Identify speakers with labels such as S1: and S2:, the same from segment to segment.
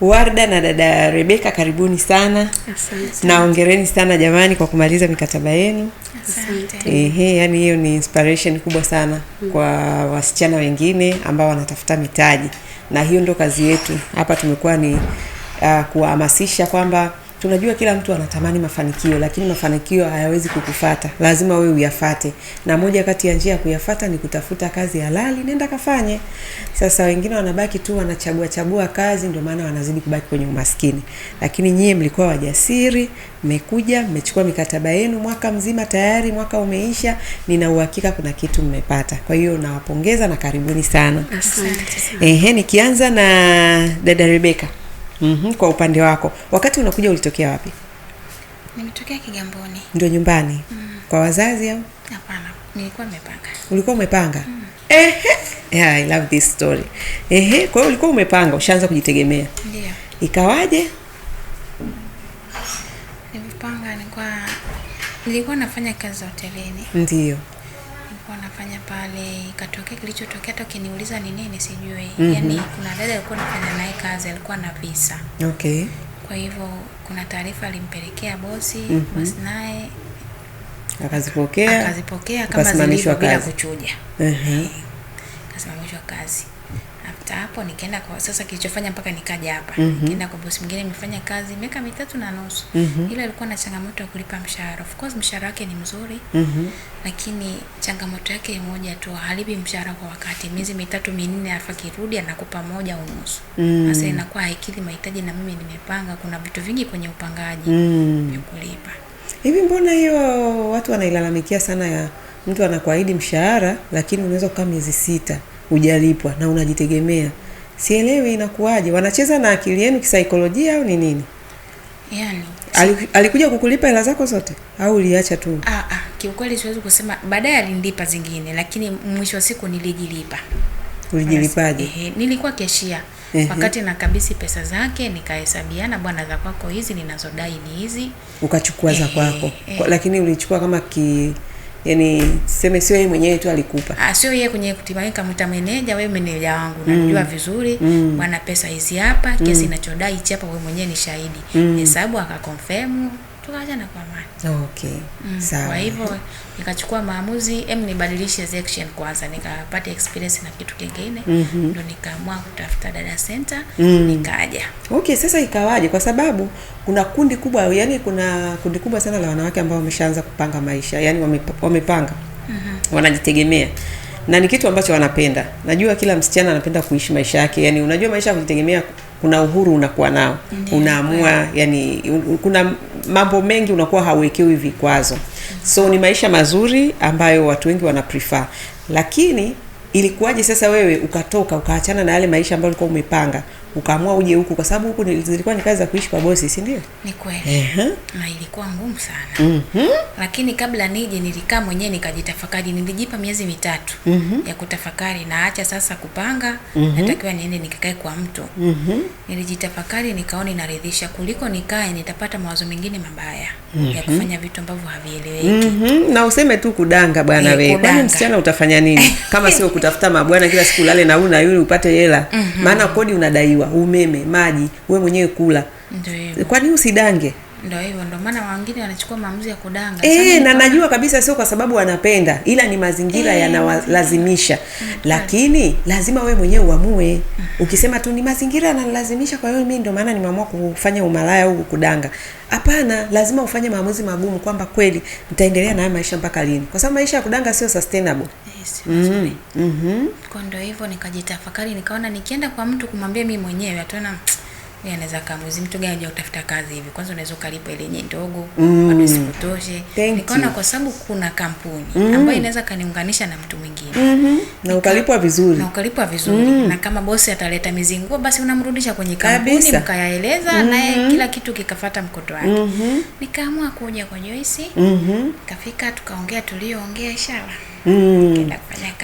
S1: Warda na dada Rebeka, karibuni sana. Asante. Na ongereni sana jamani kwa kumaliza mikataba yenu.
S2: Asante.
S1: Ehe, yani hiyo ni inspiration kubwa sana mm, kwa wasichana wengine ambao wanatafuta mitaji, na hiyo ndo kazi yetu hapa. Tumekuwa ni uh, kuwahamasisha kwamba Tunajua kila mtu anatamani mafanikio, lakini mafanikio hayawezi kukufata, lazima wewe uyafate, na moja kati ya njia ya kuyafata ni kutafuta kazi halali, nenda kafanye. Sasa wengine wanabaki tu wanachagua chagua kazi, ndio maana wanazidi kubaki kwenye umaskini. Lakini nyie mlikuwa wajasiri, mmekuja mmechukua mikataba yenu mwaka mzima tayari, mwaka umeisha, nina uhakika kuna kitu mmepata. Kwa hiyo nawapongeza na karibuni sana. Ehe, nikianza na dada Rebeka mm -hmm. Kwa upande wako wakati unakuja ulitokea wapi?
S2: Nimetokea Kigamboni.
S1: Ndio nyumbani mm. kwa wazazi au?
S2: Hapana, nilikuwa nimepanga.
S1: Ulikuwa umepanga? mm. Ehe. Yeah, I love this story. Ehe, kwa hiyo ulikuwa umepanga ushaanza kujitegemea. Ndio. Ikawaje?
S2: Nilipanga nilikuwa nilikuwa nafanya kazi za hotelini. Ndio alikuwa anafanya pale, ikatokea kilichotokea, hata ukiniuliza ni nini sijui. mm -hmm. Yani kuna dada alikuwa nafanya naye kazi, alikuwa na visa. Okay. Kwa hivyo kuna taarifa alimpelekea bosi. mm -hmm. Bosi naye
S1: akazipokea,
S2: akazipokea kama zilivyo bila kuchuja. uh -huh. Akasimamishwa kazi. After hapo nikaenda kwa sasa, kilichofanya mpaka nikaja hapa mm -hmm. nikaenda kwa bosi mwingine, nimefanya kazi miaka mitatu na nusu mm -hmm. ila alikuwa na changamoto ya kulipa mshahara. Of course mshahara wake ni mzuri mm -hmm. lakini changamoto yake moja tu, halipi mshahara kwa wakati, miezi mitatu minne, afa kirudi anakupa moja au nusu mm -hmm. Sasa inakuwa haikidhi mahitaji, na mimi nimepanga, kuna vitu vingi kwenye upangaji mm -hmm. kulipa
S1: hivi. Mbona hiyo watu wanailalamikia sana ya mtu anakuahidi mshahara, lakini unaweza kukaa miezi sita hujalipwa na unajitegemea. Sielewi inakuwaje, wanacheza na akili yenu kisaikolojia au ni nini? Yani, alikuja kukulipa hela zako zote au uliacha tu?
S2: a, ah, a, ah, kiukweli siwezi kusema. Baadaye alinilipa zingine, lakini mwisho wa siku nilijilipa.
S1: Ulijilipaje?
S2: Ehe, nilikuwa keshia wakati na kabisi pesa zake nikahesabiana, bwana, za kwako hizi, ninazodai ni hizi.
S1: Ukachukua za kwako, lakini ulichukua kama ki yani tuseme sio yeye mwenyewe tu alikupa.
S2: Ah, sio yeye kwenye kutimaini kamuita meneja, wewe meneja wangu mm. najua mm. vizuri mm. bwana, pesa hizi hapa, kesi mm. inachodai hichi hapa, wewe mwenyewe ni shahidi. Mm. Hesabu akakonfirm tukaacha na kwa amani.
S1: Okay. Mm, sawa. Kwa
S2: hivyo nikachukua maamuzi em, nibadilishe section kwanza, nikapata experience na kitu kingine mm -hmm. Ndio nikaamua kutafuta dada center mm. Nikaja.
S1: Okay, sasa ikawaje? Kwa sababu kuna kundi kubwa, yani kuna kundi kubwa sana la wanawake ambao wameshaanza kupanga maisha, yani wamep, wamepanga mm -hmm. wanajitegemea na ni kitu ambacho wanapenda. Najua kila msichana anapenda kuishi maisha yake, Yaani unajua maisha ya kujitegemea kuna uhuru unakuwa nao, unaamua yani, kuna mambo mengi unakuwa hauwekewi vikwazo, so ni maisha mazuri ambayo watu wengi wana prefer. Lakini ilikuwaje sasa wewe ukatoka ukaachana na yale maisha ambayo ulikuwa umepanga? ukaamua uje huku kwa sababu huku zilikuwa ni kazi za kuishi kwa bosi, si ndio?
S2: Ni kweli. Uh-huh. Na ilikuwa ngumu sana. Mm-hmm. Lakini kabla nije nilikaa mwenyewe nikajitafakari, nilijipa miezi mitatu mm-hmm. ya kutafakari na acha sasa kupanga, mm-hmm. natakiwa niende nikakae kwa mtu. Mm-hmm. Nilijitafakari nikaona inaridhisha kuliko nikae nitapata mawazo mengine mabaya mm-hmm. ya mhm. kufanya vitu ambavyo havieleweki.
S1: Mm-hmm. Na useme tu kudanga bwana eh, wewe. Kwani msichana utafanya nini? Kama sio kutafuta mabwana kila siku lale na una yule upate hela. Mm-hmm. Maana kodi unadai jua, umeme, maji, we mwenyewe kula. Kwani usidange?
S2: Ndio hivyo, ndio maana wengine wanachukua maamuzi ya kudanga.
S1: Eh, na najua kabisa sio kwa sababu wanapenda, ila ni mazingira e, yanawalazimisha. Mm, Lakini lazima we mwenyewe uamue. Mm. Ukisema tu ni mazingira yanalazimisha, kwa hiyo mi ndio maana nimeamua kufanya umalaya au kudanga. Hapana, lazima ufanye maamuzi magumu kwamba kweli nitaendelea na haya maisha mpaka lini? Kwa sababu maisha ya kudanga sio sustainable
S2: kesi mm -hmm. Kwa ndio hivyo nikajitafakari, nikaona nikienda kwa mtu kumwambia mimi mwenyewe atona yeye anaweza kamuzi mtu gani kutafuta kazi hivi, kwanza unaweza ukalipa ile yenyewe ndogo mm. bado isikutoshe. Nikaona kwa sababu kuna kampuni mm. ambayo inaweza kaniunganisha na mtu mwingine
S1: mm -hmm. na ukalipwa vizuri na
S2: ukalipwa vizuri mm. na kama bosi ataleta mizinguo, basi unamrudisha kwenye kampuni mkayaeleza mm -hmm. naye mm-hmm. kila kitu kikafata mkoto wake mm -hmm. nikaamua kuja kwa Joyce
S1: mm -hmm.
S2: kafika tukaongea tulioongea, inshallah
S1: Mm.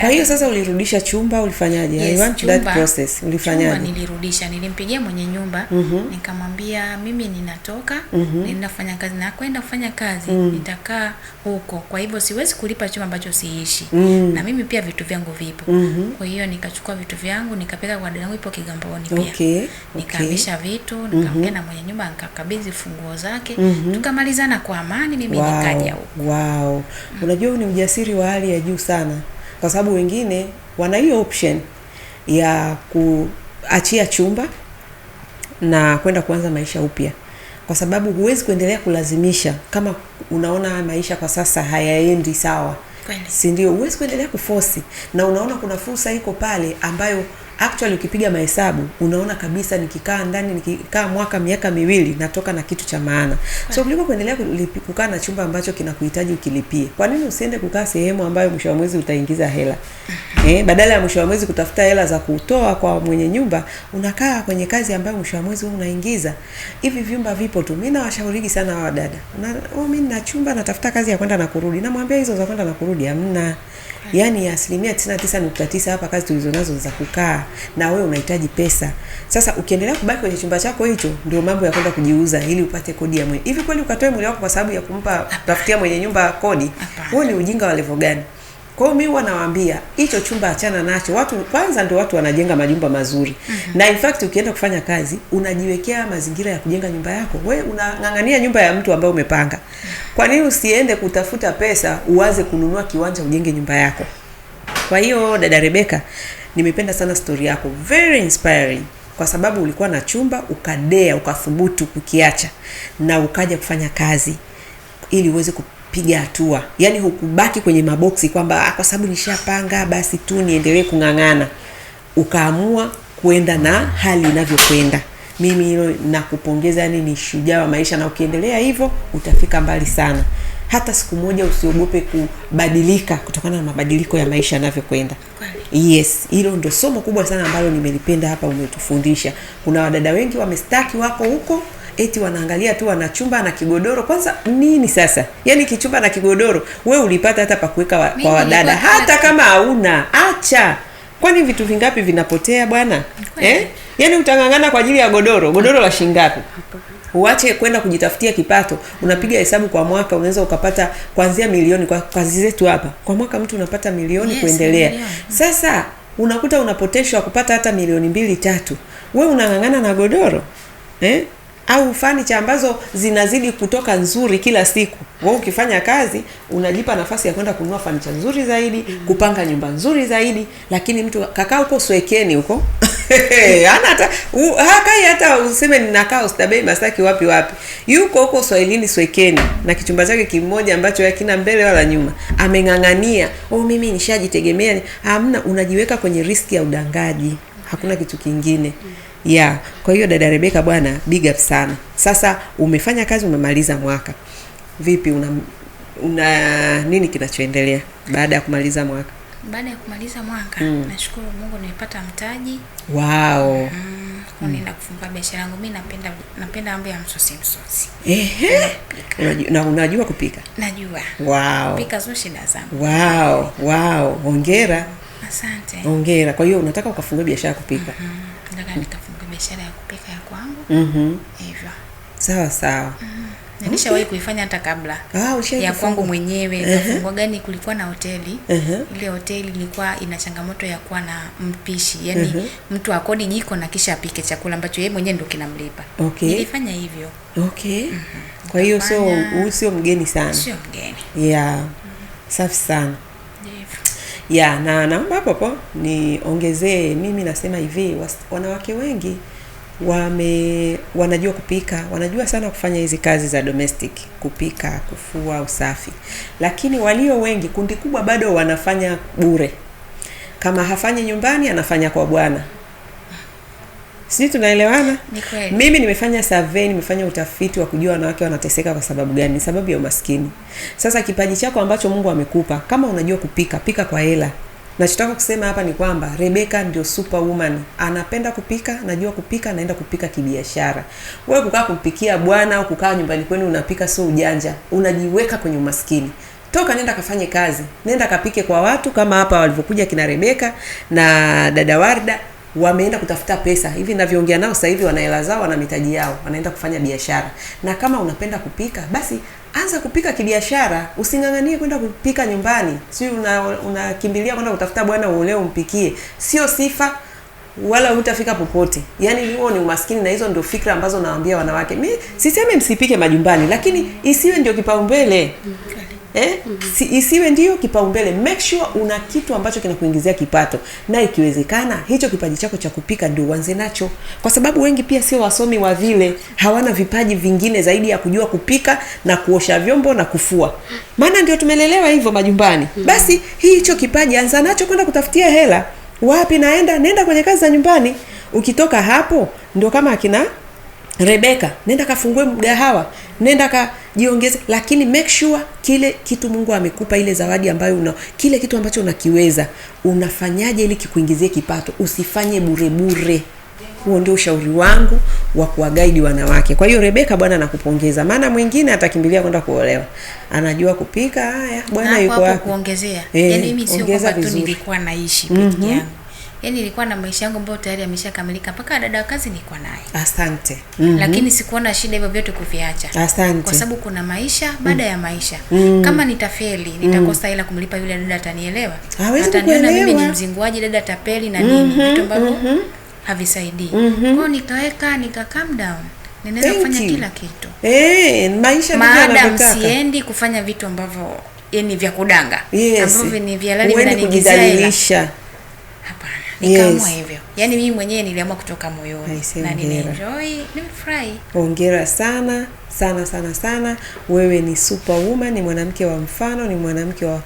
S1: Kwa hiyo sasa ulirudisha chumba ulifanyaje? Yes, I want chumba, that process
S2: ulifanyaje? Chumba Nilirudisha, nilimpigia mwenye nyumba mm -hmm. nikamwambia mimi ninatoka mm -hmm. ninafanya kazi na kwenda kufanya kazi mm. -hmm. nitakaa huko, kwa hivyo siwezi kulipa chumba ambacho siishi mm. -hmm. na mimi pia vitu vyangu vipo mm -hmm. kwa hiyo nikachukua vitu vyangu nikapeka kwa dada yangu ipo Kigamboni pia okay, okay. vitu mm-hmm. nikaongea mm -hmm. na mwenye nyumba nikakabidhi funguo zake mm -hmm. tukamalizana kwa amani mimi wow, nikaja huko
S1: wow. mm -hmm. unajua ni ujasiri wa hali ya juu sana, kwa sababu wengine wana hiyo option ya kuachia chumba na kwenda kuanza maisha upya, kwa sababu huwezi kuendelea kulazimisha. Kama unaona maisha kwa sasa hayaendi sawa, si ndio? Huwezi kuendelea kufosi, na unaona kuna fursa iko pale ambayo actually ukipiga mahesabu unaona kabisa nikikaa ndani nikikaa mwaka miaka miwili natoka na kitu cha maana. So kuliko kuendelea kukaa na chumba ambacho kinakuhitaji ukilipie, kwa nini usiende kukaa sehemu ambayo mwisho wa mwezi utaingiza hela eh? Badala ya mwisho wa mwezi kutafuta hela za kutoa kwa mwenye nyumba, unakaa kwenye kazi ambayo mwisho wa mwezi unaingiza. Hivi vyumba vipo tu. mi nawashauriki sana hawa dada, mimi oh, nina chumba natafuta kazi ya kwenda na kurudi, namwambia hizo za kwenda na kurudi hamna yani ya asilimia 99.9 hapa kazi tulizonazo za kukaa, na wewe unahitaji pesa. Sasa ukiendelea kubaki kwenye chumba chako hicho, ndio mambo ya kwenda kujiuza ili upate kodi ya mwenye. Hivi kweli ukatoe mwili wako kwa sababu ya kumpa tafutia mwenye nyumba kodi? Huo ni ujinga wa level gani? Kwa hiyo mimi huwa nawaambia hicho chumba achana nacho. Watu kwanza ndio watu wanajenga majumba mazuri. Mm -hmm. Na in fact ukienda kufanya kazi unajiwekea mazingira ya kujenga nyumba yako. Wewe unang'ang'ania nyumba ya mtu ambaye umepanga. Kwa nini usiende kutafuta pesa uanze kununua kiwanja ujenge nyumba yako? Kwa hiyo dada Rebeka, nimependa sana story yako. Very inspiring kwa sababu ulikuwa na chumba ukadea ukathubutu kukiacha na ukaja kufanya kazi ili uweze piga hatua, yaani hukubaki kwenye maboksi kwamba ah, kwa sababu nishapanga basi tu niendelee kung'ang'ana, ukaamua kuenda na hali inavyokwenda. Mimi hilo nakupongeza, yani ni shujaa wa maisha, na ukiendelea hivyo utafika mbali sana. Hata siku moja usiogope kubadilika kutokana na mabadiliko ya maisha yanavyokwenda. Yes, hilo ndo somo kubwa sana ambalo nimelipenda hapa umetufundisha. Kuna wadada wengi wamestaki, wako huko eti wanaangalia tu wana chumba na kigodoro. Kwanza nini sasa? Yaani kichumba na kigodoro, we ulipata hata pa kuweka wa, kwa wadada, hata kama hauna acha. Kwani vitu vingapi vinapotea bwana eh? Yaani utang'ang'ana kwa ajili ya godoro, godoro la shingapi? Uache kwenda kujitafutia kipato, unapiga hesabu kwa mwaka, unaweza ukapata kuanzia milioni. Kwa kazi zetu hapa, kwa mwaka mtu unapata milioni yes, kuendelea milioni. Sasa unakuta unapoteshwa kupata hata milioni mbili tatu, we unang'ang'ana na godoro eh? au fanicha ambazo zinazidi kutoka nzuri kila siku. Wewe ukifanya kazi unajipa nafasi ya kwenda kununua fanicha nzuri zaidi, mm. kupanga nyumba nzuri zaidi, lakini mtu kakaa huko swekeni huko hana hata hakai hata useme ninakaa ustabei Masaki wapi wapi, yuko huko Swahilini swekeni na kichumba chake kimoja ambacho hakina mbele wala nyuma, ameng'ang'ania oh, mimi nishajitegemea. Hamna, unajiweka kwenye riski ya udangaji, hakuna kitu kingine. mm yeah. Kwa hiyo dada Rebeka, bwana big up sana. Sasa umefanya kazi, umemaliza mwaka, vipi una, una nini kinachoendelea baada ya kumaliza mwaka?
S2: Baada ya kumaliza mwaka mm. nashukuru Mungu nimepata mtaji.
S1: Wow.
S2: Mm, nenda kufungua biashara yangu. Mimi napenda napenda mambo ya msosi msosi.
S1: Ehe. na unajua kupika? Najua. Wow.
S2: pika sio shida zangu.
S1: Wow. Wow. Hongera. Asante. Hongera. Kwa hiyo unataka ukafungue biashara ya kupika?
S2: Mm -hmm. Nataka biashara ya kupika ya kwangu mm hivyo
S1: -hmm. sawa sawa
S2: mm. Okay. Nishawahi kuifanya hata kabla ah, ya kwangu mwenyewe uh -huh. gani kulikuwa na hoteli uh -huh. Ile hoteli ilikuwa ina changamoto ya kuwa na mpishi yani uh -huh. Mtu akodi jiko na kisha apike chakula ambacho yeye mwenyewe ndio kinamlipa. Okay. Nilifanya hivyo
S1: okay. mm -hmm. Kwa hiyo sio sio mgeni sana, sio
S2: mgeni
S1: yeah. mm -hmm. Safi sana ya na naomba hapo niongezee, mimi nasema hivi, wanawake wengi wame wanajua kupika, wanajua sana kufanya hizi kazi za domestic, kupika, kufua, usafi, lakini walio wengi, kundi kubwa, bado wanafanya bure. Kama hafanyi nyumbani, anafanya kwa bwana sijui tunaelewana. ni Mimi nimefanya survey, nimefanya utafiti wa kujua wanawake wanateseka kwa sababu gani? Sababu ya umaskini. Sasa kipaji chako ambacho Mungu amekupa, kama unajua kupika, pika kwa hela. Nachotaka kusema hapa ni kwamba Rebeka ndio superwoman, anapenda kupika, najua kupika, naenda kupika kibiashara. Wewe kukaa kumpikia bwana au kukaa nyumbani kwenu unapika, sio ujanja, unajiweka kwenye umaskini. Toka nenda kafanye kazi, nenda kapike kwa watu, kama hapa walivyokuja kina Rebeka na dada Warda wameenda kutafuta pesa. Hivi ninavyoongea nao sasa hivi wana hela zao, wana mitaji yao, wanaenda kufanya biashara. Na kama unapenda kupika, basi anza kupika kibiashara, using'ang'anie kwenda kupika nyumbani. sio unakimbilia una kwenda kutafuta bwana uoleo umpikie, sio sifa wala hutafika popote. Yaani huo ni umaskini, na hizo ndio fikra ambazo nawaambia wanawake. Mi siseme msipike majumbani, lakini isiwe ndio kipaumbele. Mm eh? mm -hmm. Si, isiwe ndio kipaumbele. Make sure una kitu ambacho kinakuingizia kipato, na ikiwezekana hicho kipaji chako cha kupika ndio uanze nacho, kwa sababu wengi pia sio wasomi wa vile, hawana vipaji vingine zaidi ya kujua kupika na kuosha vyombo na kufua, maana ndio tumelelewa hivyo majumbani. mm -hmm. Basi hicho kipaji anza nacho kwenda kutafutia hela. Wapi naenda? Nenda kwenye kazi za nyumbani. Ukitoka hapo ndio kama akina Rebeka, nenda kafungue mgahawa, nenda kajiongeze, lakini make sure kile kitu Mungu amekupa, ile zawadi ambayo una, kile kitu ambacho unakiweza unafanyaje ili kikuingizie kipato, usifanye burebure. Huo ndio ushauri wangu wa kuwagaidi wanawake. Kwa hiyo Rebeka, Bwana nakupongeza, maana mwingine atakimbilia kwenda kuolewa, anajua kupika. Haya, Bwana yuko
S2: kuongezea. E, eh, yani mimi sio kwamba tu nilikuwa naishi peke mhm. yangu mm -hmm yani nilikuwa na maisha yangu ambayo tayari yameshakamilika, mpaka dada wa kazi nilikuwa naye. Asante. mm -hmm. Lakini sikuona shida hivyo vyote kuviacha. Asante. Kwa sababu kuna maisha mm. baada ya maisha. mm -hmm. Kama nitafeli mm. nitakosa hela kumlipa yule dada, atanielewa, ataniona mimi ni mzinguaji, dada tapeli na nini, mm -hmm. vitu ambavyo mm -hmm. havisaidii. mm -hmm. Kwao nikaweka nika calm down ninaweza kufanya kila kitu
S1: eh, maisha
S2: maada msiendi kufanya vitu ambavyo yani vya kudanga
S1: yes. ambavyo
S2: ni vya lali halali, vinaniingizia nikaamua yes. Yaani mimi mwenyewe niliamua kutoka moyoni na nimeenjoy, nimefurahi.
S1: Hongera sana sana sana sana, wewe ni superwoman, ni mwanamke wa mfano, ni mwanamke wa,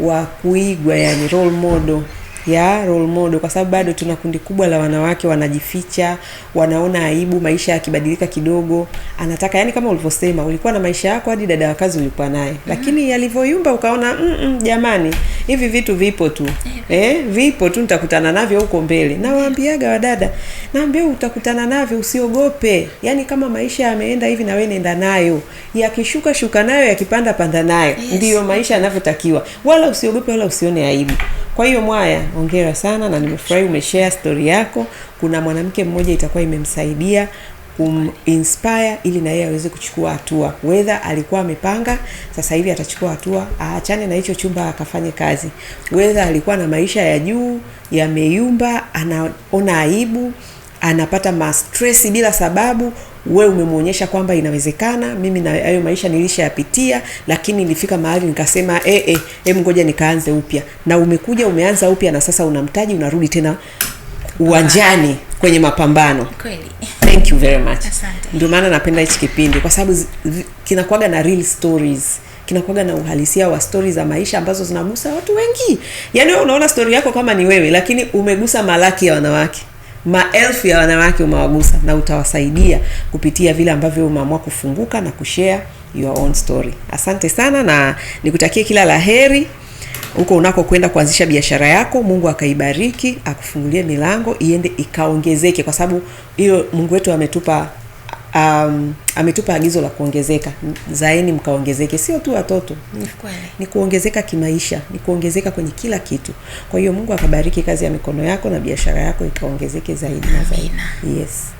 S1: wa kuigwa, yani role model ya role model, kwa sababu bado tuna kundi kubwa la wanawake wanajificha, wanaona aibu, maisha yakibadilika kidogo, anataka yani, kama ulivyosema, ulikuwa na maisha yako hadi dada wa kazi ulikuwa naye, mm. lakini yalivyoyumba ukaona mm -mm, jamani hivi vitu vipo tu eh. eh, vipo tu, nitakutana navyo huko mbele. Nawaambiaga wadada, naambia utakutana navyo, usiogope. Yani kama maisha yameenda hivi, na wewe nenda nayo, yakishuka shuka nayo, yakipanda panda nayo, yes. Ndiyo maisha yanavyotakiwa, wala usiogope, wala usione aibu. Kwa hiyo Mwaya, hongera sana na nimefurahi umeshare story yako. Kuna mwanamke mmoja itakuwa imemsaidia kuminspire ili na yeye aweze kuchukua hatua. wedha alikuwa amepanga, sasa hivi atachukua hatua, aachane na hicho chumba akafanye kazi. wedha alikuwa na maisha ya juu yameyumba, anaona aibu, anapata mastres bila sababu, wewe umemwonyesha kwamba inawezekana. Mimi na hayo maisha nilishayapitia, lakini nilifika mahali nikasema e, e, e, ngoja nikaanze upya, na umekuja umeanza upya, na sasa unamtaji unarudi tena uwanjani kwenye mapambano kweli. Thank you very much. Ndio maana napenda hichi kipindi kwa sababu kinakuaga na real stories kinakuaga na uhalisia wa stori za maisha ambazo zinagusa watu wengi. Yaani wewe unaona stori yako kama ni wewe, lakini umegusa malaki ya wanawake, maelfu ya wanawake umewagusa, na utawasaidia kupitia vile ambavyo umeamua kufunguka na kushare your own story. Asante sana na nikutakie kila laheri huko unakokwenda kuanzisha biashara yako, Mungu akaibariki, akufungulie milango iende ikaongezeke, kwa sababu hiyo Mungu wetu ametupa um, ametupa agizo la kuongezeka, zaeni mkaongezeke, sio tu watoto, ni kuongezeka kimaisha, ni kuongezeka kwenye kila kitu. Kwa hiyo Mungu akabariki kazi ya mikono yako na biashara yako ikaongezeke zaidi
S2: na zaidi.
S1: Yes.